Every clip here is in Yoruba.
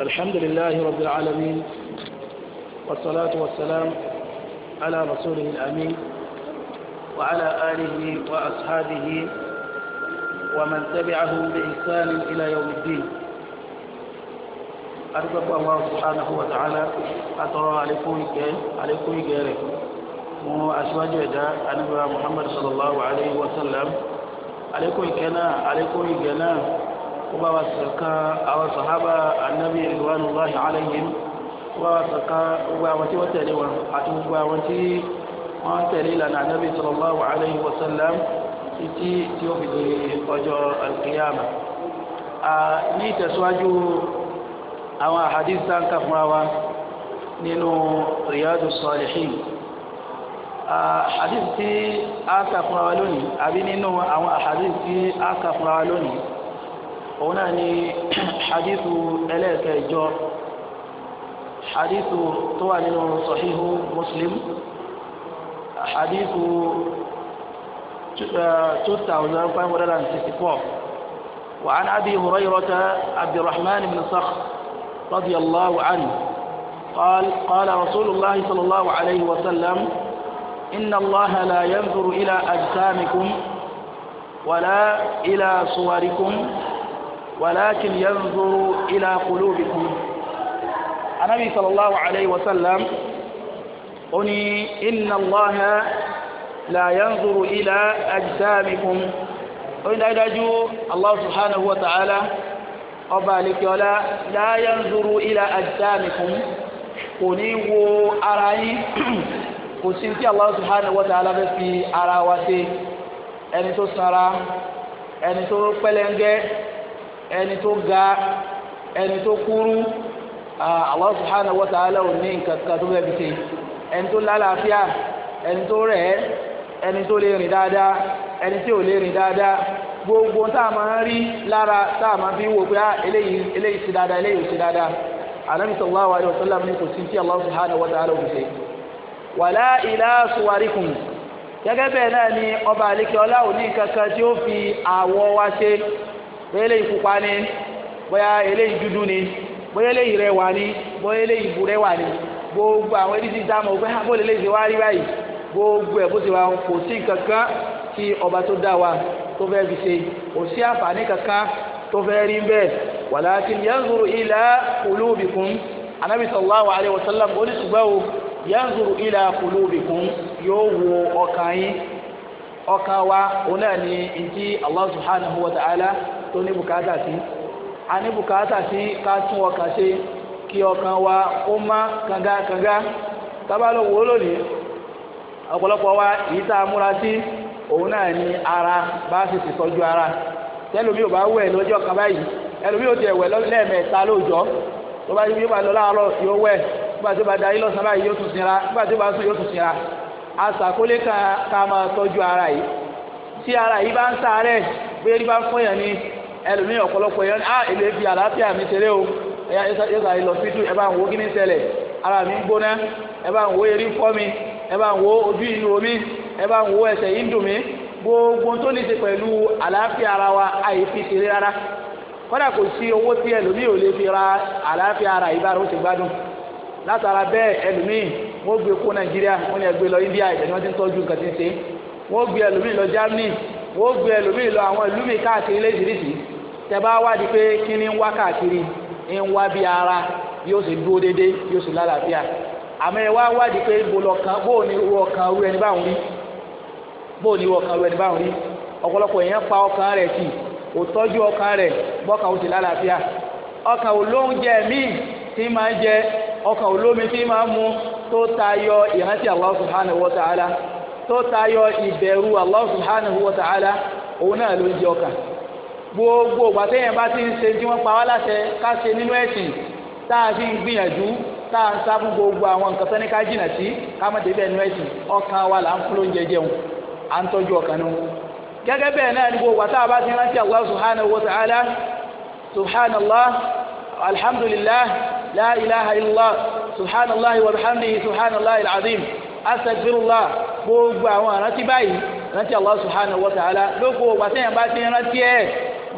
الحمد لله رب العالمين والصلاة والسلام على رسوله الأمين وعلى آله وأصحابه ومن تبعهم بإحسان إلى يوم الدين أرزق الله سبحانه وتعالى أترى عليكم عليكم غيره mo aṣíwájú ẹ̀dá anábìá Muhammad sallallahu alayhi wa sallam alekun ìkẹ́ náà ó bá wa sọ̀kan àwọn sàhábà anábì ridwanullahi alayhim ó bá wa sọ̀kan gbogbo àwọn tí wọ́n tẹ̀lé wọn àti gbogbo àwọn tí wọ́n tẹ̀lé ìlànà anábì sallallahu alayhi wa sallam títí tí ó fi di ọjọ́ alkiyama. ní ìtẹ̀síwájú àwọn àhàdí sáńkà fúnra wa nínú riyadu salihin àhàdí tí a kà fúnra wa lónìí àbí nínú àwọn àhàdí tí a kà fúnra wa lónìí هنا حديث ثلاثة hadithu حديث طوال صحيح مسلم حديث 2564 وعن أبي هريرة عبد الرحمن بن صخر رضي الله عنه قال قال رسول الله صلى الله عليه وسلم إن الله لا ينظر إلى أجسامكم ولا إلى صوركم walakin yanzuru ila qulubikum anabi sallallahu alayhi wa sallam ó ní inna allaha la yanzuru ila ajsamikum ó ní dájúdájú allah subhanahu wa ta'ala ọba àlekíọ́lá la yanzuru ila ajsamikum kò ní wo ara yín kò sí tí allah subhanahu wa ta'ala fẹ́ fi ara wa ṣe ẹni tó sara ẹni tó pẹlẹngẹ ẹni tó ga ẹni tó kúrú Allah subhanahu wa ta'ala ò ní nǹkan kan tó bẹ́ẹ̀ fi ṣe ẹni tó lálàáfíà ẹni tó rẹ̀ ẹni tó lè rìn dáadáa ẹni tí ò lè rìn dáadáa gbogbo tá a máa ń rí lára tá a máa fi wò pé ah, eléyìí eléyìí ṣe dáadáa eléyìí ò ṣe dáadáa Ànábì sallallahu alaihi wasallam ní kò sí tí Allah subhanahu wa ta'ala ò wàlá ìlà suwarikum gẹ́gẹ́ bẹ́ẹ̀ náà ni ọba àlekè ọlá òní kankan tí ó fi àwọ̀ wa ṣe pé eléyìí pupa ni bóyá eléyìí dúdú ni bóyá eléyìí rẹwà ni bóyá eléyìí burẹwà ni gbogbo àwọn ẹni tí dá mọ̀ pé bó lè lè ṣe wá rí báyìí gbogbo ẹ̀ bó ti wà kò sí kankan tí ọba tó dá wa tó fẹ́ fi ṣe kò sí àǹfààní kankan tó fẹ́ rí bẹ́ẹ̀ walakin yanzuru ila qulubikum anabi sallallahu alayhi wa sallam oníṣùgbọ́n o yanzuru ila qulubikum yóò wo ọkàn yín ọkàn wa òun ni ìdí Allah subhanahu wa ta'ala tó ní bùkátà sí a ní bùkátà sí ká tún ọkàn ṣe kí ọkàn wa ó má kangakanga tábàlò wò lónìí ọ̀pọ̀lọpọ̀ wa yìí tá a múra sí òun náà ní ara bá a sì ti tọ́jú ara tẹ́lómi ò bá wẹ̀ lọ́jọ́ kan báyìí ẹlòmí ò tiẹ̀ wẹ̀ lẹ́ẹ̀mẹ́ta lóòjọ́ tó bá yí bí ó bá lọ láàárọ̀ yóò wẹ̀ nígbà tí ó bá darí lọ́sàn-án báyìí yóò tún sinra nígbà tí ó bá sùn yóò tún sinra asàkólé ká máa tọ́jú ara yìí tí ara yìí bá ń sáré bí erí bá ń fọyàn ni ẹlòmíì ọ̀pọ̀lọpọ̀ yẹn á èlé fi àlàáfíà mi ṣeré o ẹ̀yà ẹ̀sà ìlọ síjú ẹ bá ń wo kíní ṣẹlẹ̀ ara mi ń gbóná ẹ bá ń wo erí fọ́ mi ẹ bá ń wo ojú ìlú omi ẹ bá ń wo ẹsẹ̀ yìí ń dùn mí gbogbo tó ní ṣe pẹ̀lú àlàáfíà ara wa àyè fi ṣeré rárá kódà kò sí owó tí ẹlòmíì ò lè fi ra àlàáfíà ara ìbára ó ti gbádùn látara bẹ́ẹ̀ ẹlòmíì wọ́n gbé kó nàìjíríà wọ́n tẹ́bá wádìí pé kí ni ń wá káàkiri ń wá bí ara yóò sì dúró déédéé yóò sì lálàáfíà àmọ́ ẹ wá wádìí pé bòlọ̀kan bóò ní irú ọkàn irú ẹni báwọn rí bóò ní irú mu tó tayọ ìrántí tó tayọ ìbẹ̀rù òun náà ló ń gbogbo ìgbà téèyàn bá ti ń ṣe tí wọ́n pa wá láṣẹ ká ṣe nínú ẹ̀sìn tá a fi ń gbìyànjú tá a ń sábú gbogbo àwọn nǹkan tó ní ká jìnà sí ká má débi ẹnu ẹ̀sìn ọkàn wa là ń fún lóúnjẹ jẹun à ń tọ́jú ọkàn nu. gẹ́gẹ́ bẹ́ẹ̀ náà ni gbogbo ìgbà tá a bá ti rántí Allah subhanahu wa ta'ala subhanallah alhamdulillah la ilaha illallah subhanallah wa bihamdihi subhanallah al-azim gbogbo àwọn àrántí báyìí rántí Allah subhanahu wa ta'ala lóko ìgbà téèyàn bá ti rántí ẹ̀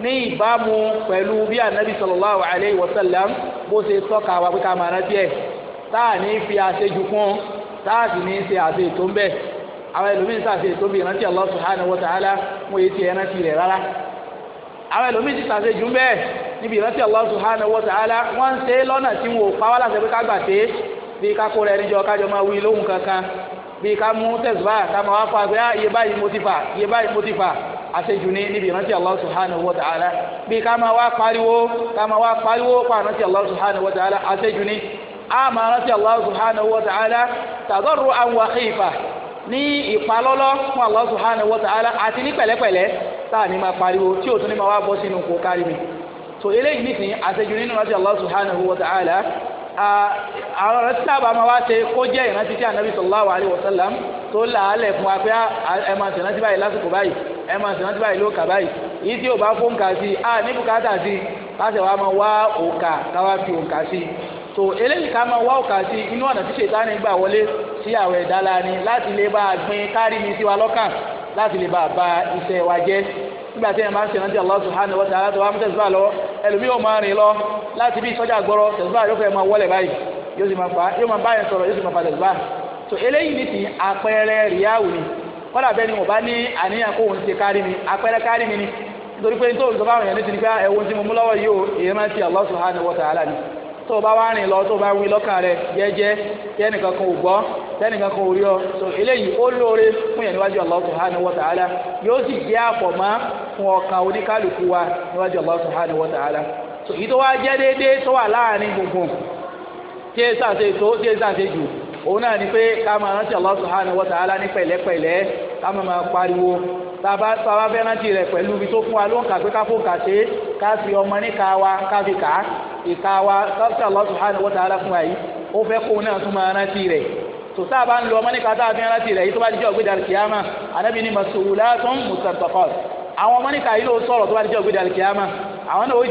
ní ìbámu pẹ̀lú bí anabi sallallahu alayhi wa sallam bó ṣe tọ́ka wa pé ká máa rántí ẹ̀ táà ní fi àṣejù kún táà sì ní ṣe àṣe ètò ń bẹ̀ àwọn ẹlòmíín ṣàṣe ètò bí ìrántí Allah subhanahu wa ta'ala wọn èyí ti ẹ̀ rántí rẹ̀ rárá àwọn ẹlòmíín ti ṣàṣe jù ń bẹ̀ níbi ìrántí Allah subhanahu wa ta'ala wọ́n ń ṣe lọ́nà tí wọn ò pa wá láṣẹ pé ká gbà ṣe bí ká kó rẹ̀ níjọ kájọ máa wí lóhùn kankan bí ká mú tẹ̀síwáyà ká máa wá fa pé ah, iye báyìí mo ti fà iye báyìí mo ti fà àṣejù ní níbi ìrántí Allah subhanahu wa ta'ala bí ká máa wá pariwo ká máa wá pariwo pa ìrántí Allah subhanahu wa ta'ala àṣejù ní a máa rántí Allah subhanahu wa ta'ala tàdọ́rù àwọn àkèèfà ní ìpalọ́lọ́ fún Allah subhanahu wa ta'ala àti ní pẹ̀lẹ́pẹ̀lẹ́ tá a ní máa pariwo tí ò tún ní máa wá bọ́ sínú kò kárí mi so eléyìí nísìnyí àṣejù nínú rántí Allah subhanahu wa àwọn ọ̀rọ̀ tí máa wá ṣe kó jẹ́ ìrántí tí ànábì sallallahu alaihi tó là á lẹ̀ fún wa pé ẹ máa ṣèrántí báyìí lásìkò báyìí ẹ máa sì rántí báyìí ló kà báyìí yìí tí ò bá fún kà sí a ní bùkátà sí láti wàá máa wá òkà káwá fi òkà sí tó eléyìí ká máa wá òkà sí inú ọ̀nà tí ṣètánì gbà wọlé sí àwẹ̀ ìdálá ni láti lè bá a gbin kárí mi sí wa lọ́kàn láti lè bá a ba iṣẹ́ wa jẹ́ nígbà tí ẹ máa ń ṣe ìrántí Allah subhanahu wa ta'ala tó wá mú tẹ̀síbà lọ ẹlòmíì ò máa rìn lọ láti bí ìsọjà gbọ́rọ̀ tẹ̀síbà yóò fẹ́ máa wọlé báyìí yóò sì máa bá yẹn sọ̀rọ̀ yóò sì máa fa tẹ̀síbà tó eléyìí ní ti àpẹẹrẹ rìáwù ni kọ́dà bẹ́ẹ̀ ni mo bá ní àníyàn kó òun ti kárí mi apẹ́rẹ́ kárí mi ni nítorí pé tó bá rìn létí ni pé tí mo mú lọ́wọ́ o èyí máa ti Allah subhanahu wa ta'ala ni tó o bá wá rìn lọ tó bá wí lọ́kàn jẹ́jẹ́ tẹ́nìkan kan ò gbọ́ tẹ́nìkan kan ò rí ọ so eléyìí ó lóore fún yẹn níwájú Allah subhanahu wa ta'ala yóò sì jẹ́ àpọ̀mọ́ fún ọkàn oníkálukú wa níwájú tó wá jẹ́ déédéé tó wà láàrin gbùngbùn tí sàṣe tó tí sàṣe jù òun náà ni pé ká máa rántí ní pẹ̀lẹ́pẹ̀lẹ́ ká máa máa pariwo tàbá tàbá fẹ́ rántí rẹ̀ pẹ̀lú ibi tó fún wa ló ń kà pé ká fò kà ká fi ọmọ níka wa ká fi kà á ìka wa tọ́sí Allah subhanahu wa ta'ala fún wa yìí ó fẹ́ kóun náà tún máa rántí rẹ̀ tó tá a bá ń lo ọmọ níka tá a fi rántí rẹ̀ yìí tó bá di jẹ́ ògbé dàrí kìámà ànábì ní masulatun mustantaqat àwọn ọmọ níka yìí ló sọ̀rọ̀ tó bá di jẹ́ ògbé dàrí kìámà àwọn náà ó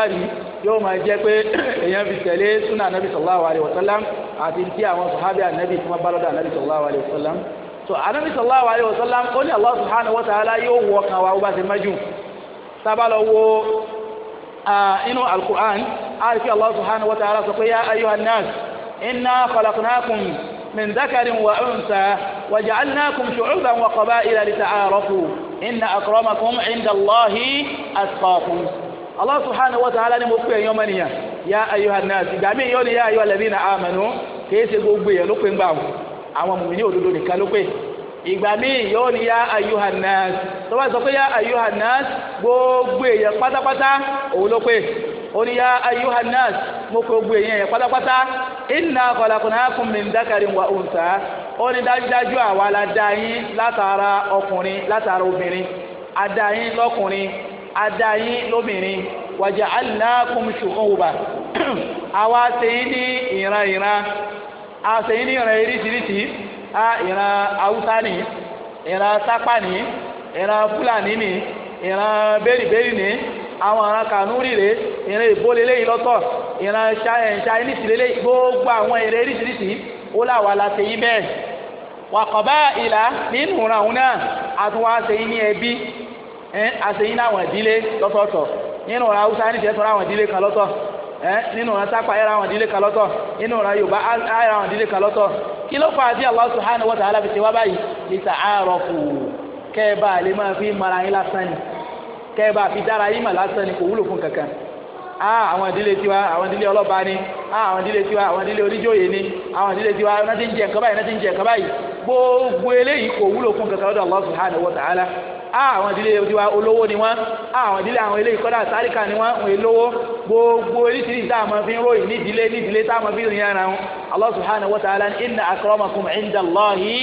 jẹ́rìí yóò máa jẹ́ pé èèyàn fi tẹ̀lé súnà anabi sallallahu alayhi wa sallam àti ti àwọn sàhábì anabi tí wọ́n bá lọ́dọ̀ anabi sallallahu alayhi wa sallam so anabi sallallahu alayhi wa sallam ó ní allah subhanahu wa ta'ala yóò wọ kan wa ó bá ti májú sábàlọ wo inú alquran àti allah subhanahu wa ta'ala sọ pé ya ayyuhan nas inna khalaqnakum من ذكر وأنثى وجعلناكم شعوبا وقبائل لتعارفوا إن أكرمكم عند الله أتقاكم Allah subhanahu wa ta'ala ni mo pè ẹ̀yin ọmọnìyàn ya ayyuhan nas ìgbà míì yóò ní ya ayyuhal ladhina amanu kìí ṣe gbogbo èèyàn ló pé ń gbà wọn àwọn mùmíní òdodo nìkan ló pé ìgbà míì yóò ní ya ayyuhan nas tó bá sọ pé ya ayyuhan nas gbogbo èèyàn pátápátá òun ló pé ó ní ya ayyuhan mo pé gbogbo èèyàn yẹn pátápátá inna khalaqnakum min dhakarin wa untha ó ní dájúdájú àwa la dá yín látara ọkùnrin látara obìnrin adáyín lóbìnrin wàjà aláàkùn ṣùkọ́wùbà àwa sẹ́yìn ní ìran ìran a sẹ́yìn ní ìran irisirisi a ìran haúsá ni ìran sápá ni ìran fúlàní ni ìran bẹ́rìbẹ́rì ni àwọn ìran kanúrì rè ìran ìbólélé yìí lọ́tọ̀ ìran chinese eh, lélé gbogbo àwọn ìran irisirisi ó làwà la sẹ́yìn bẹ́ẹ̀ wàkọ̀bá ìlà nínú ìran òun náà a ní ẹbí. ẹ àṣeyín láwọn ìdílé lọ́tọ̀ọ̀tọ̀ nínú ọ̀rọ̀ haúsá ní ìṣẹ́tọ̀ láwọn ìdílé kan lọ́tọ̀ ẹ nínú ọ̀rọ̀ sápà ẹ̀rọ àwọn ìdílé kan lọ́tọ̀ nínú ọ̀rọ̀ yorùbá ẹ̀rọ àwọn ìdílé kan lọ́tọ̀ kí ló fà á sí Allah subhanahu wa ta'ala wá fi mara yín lásán ni fi dára yín mà lásán ni kò wúlò fún kankan àwọn ìdílé tiwa àwọn ni àwọn tiwa àwọn ìdílé oníjóyè ni àwọn tiwa náà ti ń jẹ náà ti ń jẹ gbogbo eléyìí kò wúlò fún kankan lọ́dọ̀ Allah subhanahu wa ta'ala àwọn ìdílé tiwa olówó ni wọ́n àwọn ìdílé àwọn eléyìí kọ́dà sáríkà ni wọ́n lówó gbogbo a máa fi ń ròyìn nídìílé nídìílé tá a máa rìn ara wọn Allah subhanahu wa ta'ala inna akramakum inda Allahi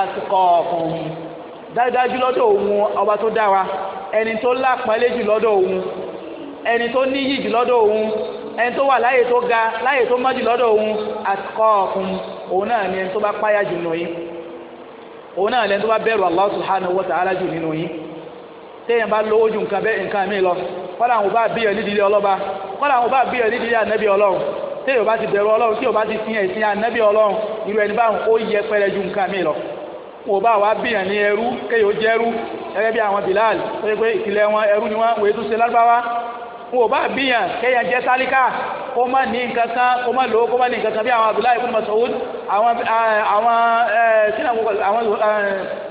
atqakum dájúdájú lọ́dọ̀ òun ọba tó dá wa ẹni tó jù lọ́dọ̀ òun ẹni tó níyì jù lọ́dọ̀ òun ẹni tó ga tó òun náà lẹ́nu tó bá bẹ̀rù Allah subhanahu wa ta'ala jù nínú yín téèyàn bá lówó ju nǹkan bẹ́ẹ̀ nǹkan mi lọ kọ́lá àwọn bá bí ẹni dídí ọlọ́ba kọ́lá àwọn bá bí ẹni dídí ànábì ọlọ́run téèyàn bá ti bẹ̀rù ọlọ́run tí o bá ti sin ẹ̀sìn ànábì ọlọ́run irú ẹni báwọn ó yẹ pẹ́rẹ́ ju nǹkan mi lọ kò bá wa bí ẹni ẹrú kéèyàn jẹ́rú gẹ́gẹ́ bí àwọn Bilal pé pé ìkìlẹ̀ wọn ẹrú ni wọn wòye tó ṣe lárúbáwá kò bá bí yàn kéèyàn jẹ́ tálíkà kó má ní nǹkan kan kó má lò ó kó má ní nǹkan kan bí àwọn Abdullahi ibn Mas'ud àwọn àwọn sínú àwọn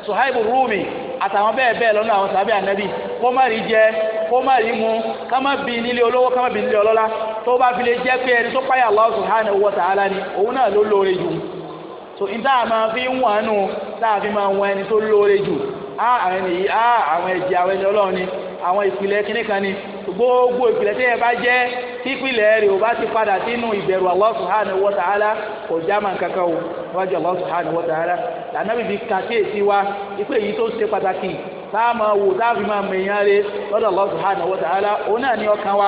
Suhaibu Rumi àtàwọn bẹ́ẹ̀ bẹ́ẹ̀ lọ́nà àwọn sàbẹ̀ ànábì kó má rí jẹ kó má rí mu ká má bí nílé olówó ká má bí nílé ọlọ́lá tó bá fi lè jẹ́ pé ẹni tó páyà Allah subhanahu wa ta'ala ni òun náà ló lóore jù so ìta àmà fi ń wọ̀n nù tá a fi máa wọ̀n ẹni tó lóore jù àwọn ènìyàn á àwọn ẹ̀jẹ̀ àwọn ẹni ọlọ́run ni àwọn ìpìlẹ̀ kíníkan ni gbogbo ìpìlẹ̀ tí yẹn bá jẹ́ kípìlẹ̀ rẹ̀ ò bá ti padà sínú ìbẹ̀rù Allah subhanahu wa ta'ala kò já màá kankan o níwájú Allah subhanahu wa ta'ala lànàbí fi kàkíyèsí wa ipò èyí tó ṣe pàtàkì táàmù wò táàbí máa mèèyàn rẹ̀ lọ́dọ̀ Allah subhanahu wa ta'ala òun náà ní ọkàn wa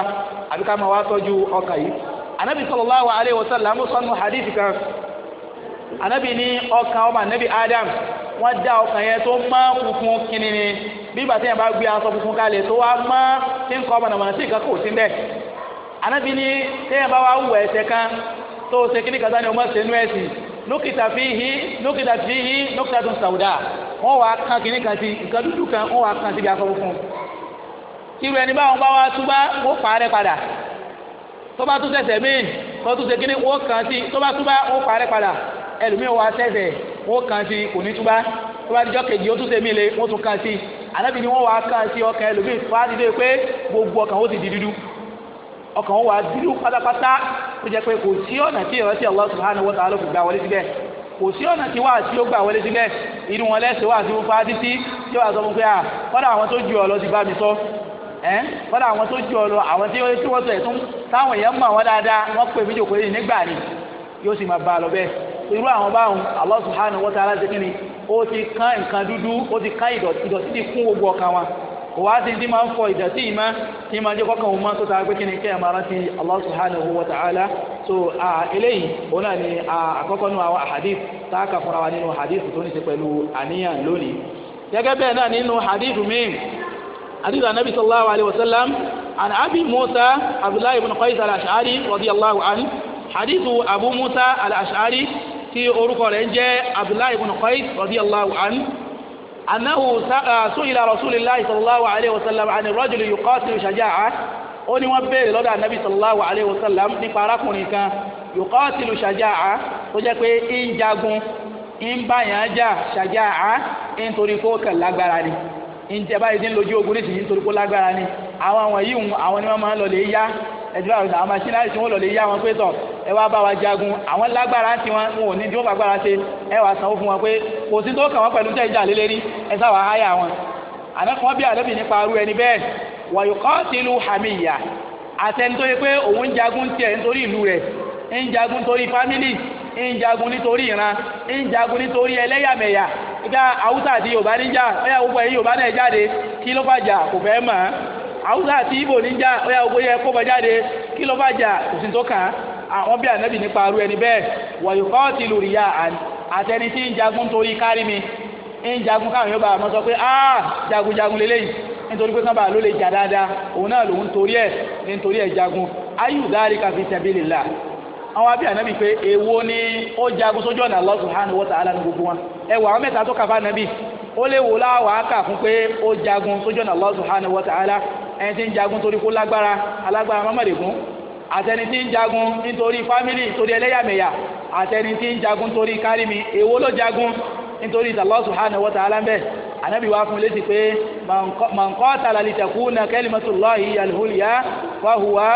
àbí ká máa wá tọ́jú ọkàn yìí anabi sallallahu alayhi wa sallam sọnù hadith kan anabi ní ọkàn ọmọ Adam wọ́n dá ọkàn yẹn tó mọ́ funfun kínní ni bí ìgbà tí yẹn bá gbé aṣọ funfun kalẹ̀ tó wá mọ́ tí ń kọ́ mọ̀nàmọ̀nà sí ìkan kò sí bẹ́ẹ̀ anábì ní tí yẹn bá wá wù ẹ̀ṣẹ̀ kan tó ṣe kíní kàtá ni o mọ̀ ṣe nú ẹ̀sìn lókìtà fíhí lókìtà fíhí lókìtà tó ń sàwùdà wọ́n wàá kan kíní kan sí nǹkan dúdú kan wọ́n wàá kan síbi aṣọ funfun irú ẹni báwọn bá wá túbá wọ́n fà á rẹ padà tó bá tún sẹ̀sẹ̀ míì tó tún ṣe kíní wọ́n kàn sí tó bá túbá wọ́n fà á rẹ padà ẹlòmíì wọ́n á sẹ̀sẹ̀ wọ́n kàn sí kò ní túbá tó bá dijọ́ kejì ó tún sèmi le wọ́n tún kàn sí ànábì ni wọ́n wàá kàn sí ọkàn ẹlòmíì wàá dídé pé gbogbo ọkàn ó ti di dúdú ọkàn ó wàá dúdú pátápátá ó jẹ́ pé kò sí ọ̀nà tí ìrántí Allah subhanahu wa ta'ala kò gbà wọlé síbẹ̀ kò sí ọ̀nà tí wàá tí ó gbà wọlé síbẹ̀ inú wọn lẹ́sẹ̀ wàá tí ó fa títí tí wàá sọ fún pé à kọ́dà àwọn tó ju ọ̀lọ́ ti bá mi sọ ẹ́ kọ́dà àwọn tó ju ọ̀lọ́ àwọn tí wọ́n sọ ẹ̀ tún táwọn èèyàn mọ̀ wọ́n dáadáa wọ́n pè mí jòkó yìí nígbà ni yóò sì máa bá a lọ bẹ́ẹ̀ irú àwọn báwọn Allah subhanahu wa ta'ala ṣe kíni ó ti kán nǹkan dúdú ó ti kán ìdọ̀tí ìdọ̀tí ti kún gbogbo ọkàn wa kò wá sí ní máa ń fọ ìdọ̀tí yìí máa ní máa jẹ́ kọ́kàn òun máa tó tara pé kíni kí ẹ máa rántí Allah subhanahu wa ta'ala so eléyìí òun náà ni àkọ́kọ́ nù àwọn hadith tá a kà fúnra wa nínú hadith tí orúkọ rẹ̀ ń jẹ́ abdullahi ibn qais radiyallahu an anahu ah, su'ila rasulillahi sallallahu alayhi wa sallam ani rajuli yuqatilu shaja'a ó ní wọ́n béèrè lọ́dọ̀ anabi sallallahu alayhi wa sallam nípa arákùnrin kan yuqatilu shaja'a tó jẹ́ pé ń jagun ń báyàn já shaja'a ń torí kó kàn lágbára ni ǹjẹ́ báyìí ti ń lójú ogun nísìnyí nítorí kó lágbára ni àwọn àwọn yìí àwọn ni wọ́n máa ń lọ lè yá ẹ̀dùn àwọn àwọn tí wọ́n lọ lè yá wọn pé tọ̀ ẹ wá bá wa jagun àwọn lágbára tí wọn wọn ò ní tí wọn ṣe ẹ sanwó fún wọn pé kò sí tó kàn wọn pẹ̀lú tẹ̀ ìjà lélẹ́rí ẹ sáwà háyà wọn àdàkùn bí àdàbì nípa arú ẹni bẹ́ẹ̀ wàyùkọ́ tìlú hàmìyà àtẹni tó yẹ pé òun ń jagun tiẹ̀ nítorí ìlú rẹ̀ ń jagun torí fámìlì ń jagun nítorí ìran ń jagun nítorí ẹlẹ́yàmẹ̀yà ìgbà haúsá àti yorùbá níjà gbogbo àwọn bí ànábì nípa arú ẹni bẹ́ẹ̀ wọ̀nyí kọ́ ti lù rí yá àtẹni tí ń jagun torí kárí mi ń jagun káwọn yóò bá àmọ́ sọ pé ah jagunjagun lélẹ́yìn nítorí pé kábàá ló lè jà dáadáa òun náà lòun torí ẹ̀ ní torí ẹ̀ jagun ayù dárí káfí sabilillah àwọn abí ànábì pé èwo ni ó jagun sójú ọ̀nà Allah subhanahu wa ta'ala ní gbogbo wọn ẹ wà àwọn mẹ́ta tó kàfá ànábì ó lè wò láwàá kà fún pé ó jagun sójú ọ̀nà Allah subhanahu wa ta'ala ẹni tí ń jagun torí kó lágbára alágbára mọ́mọ́dégún àtẹni tí ń jagun nítorí fámìlì nítorí ẹlẹ́yàmẹ̀yà àtẹni tí ń jagun nítorí kárìmì èwo ló jagun nítorí Allah subhanahu wa ta'ala ń bẹ̀ ànábì wá fún létí pé man qatala litakuna kalimatullahi hiyal ulya fahuwa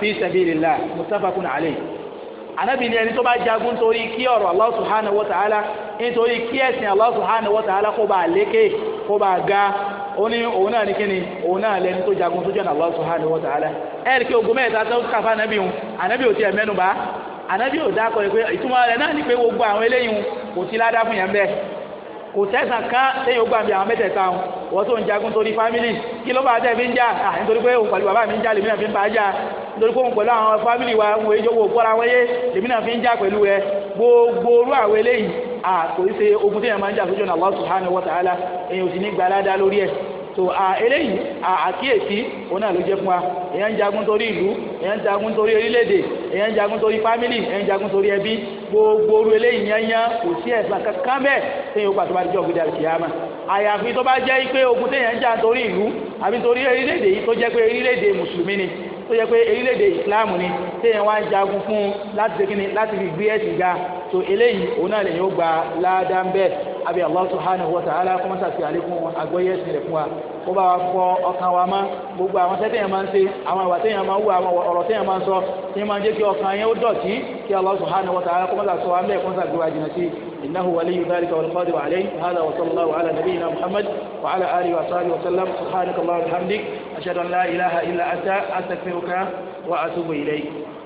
fi sabilillah kun alayhi ànábì ni ẹni tó bá jagun torí kí ọ̀rọ̀ Allah subhanahu wa ta'ala nítorí kí ẹ̀sìn Allah subhanahu wa ta'ala kó bá lékè kó bá ga ó ní òun náà ní kíni òun náà lẹni tó jagun tó jọ̀nà Allah subhanahu wa ta'ala ẹ̀rì kí ogun mẹ́ta tó kàfa ànábì hùn ànábì ò tiẹ̀ mẹ́nu bá ànábì ò dákọ̀ ẹ̀ pé ìtumọ̀ rẹ̀ náà ní pé gbogbo àwọn eléyìí hùn kò sí ládá fún yẹn bẹ́ẹ̀ kò tẹ̀sán kan téyìn ogun àbí àwọn mẹ́tẹ̀ẹ̀ta hùn wọ́n tó ń jagun torí fámìlì kí ló bá tẹ̀ fi fi ń jà nítorí wa òun èjò wò gbọ́ra wọn yé lèmi náà fi ń jà pẹ̀lú rẹ gbogbo orú àwọn eléyìí ta'ala èèyàn ò sì ní gbalada lórí ẹ̀ so eléyìí àkíyèsí òun náà ló jẹ́ fún wa èèyàn ń jagun torí ìlú èèyàn ń jagun torí orílẹ̀-èdè èèyàn ń jagun torí fámìlì èèyàn ń jagun torí ẹbí gbogbo orú eléyìí yẹn yẹn kò sí ẹ̀sán kankan bẹ́ẹ̀ téèyàn ó pàtó bá dijọ́ ògidì àlùkìyàmà àyàfi tó bá jẹ́ pé ogun téèyàn ń jà torí ìlú àbí torí orílẹ̀-èdè yìí tó jẹ́ pé orílẹ̀-èdè mùsùlùmí ni tó jẹ́ pé orílẹ̀-èdè ìsìláàmù ni téèyàn wá ń jagun fún láti fi gbé ẹ̀sìn ga so eléyìí òun náà lèyìn ó gba ládàá ń bẹ́ẹ̀ àbí Allah subhanahu wa ta'ala kó máa ṣàti àlékún àgbọ́yé ẹ̀sìn rẹ̀ fún wa kó bá wa fọ ọkàn wa mọ́ gbogbo àwọn tẹ́tẹ̀yàn máa ń ṣe àwọn ìwà tẹ́yàn máa ń wù àwọn ọ̀rọ̀ tẹ́yàn máa ń sọ ní máa ń jẹ́ kí ọkàn yẹn ó dọ̀tí kí subhanahu wa ta'ala kó máa ṣàtọ̀ wa mẹ́ẹ̀kún ṣàgbéwà jìnnà sí إنه ولي ذلك والقادر عليه هذا وصلى الله على نبينا محمد وعلى آله وصحبه وسلم سبحانك اللهم وبحمدك أشهد أن لا إله إلا أنت أستغفرك وأتوب إليك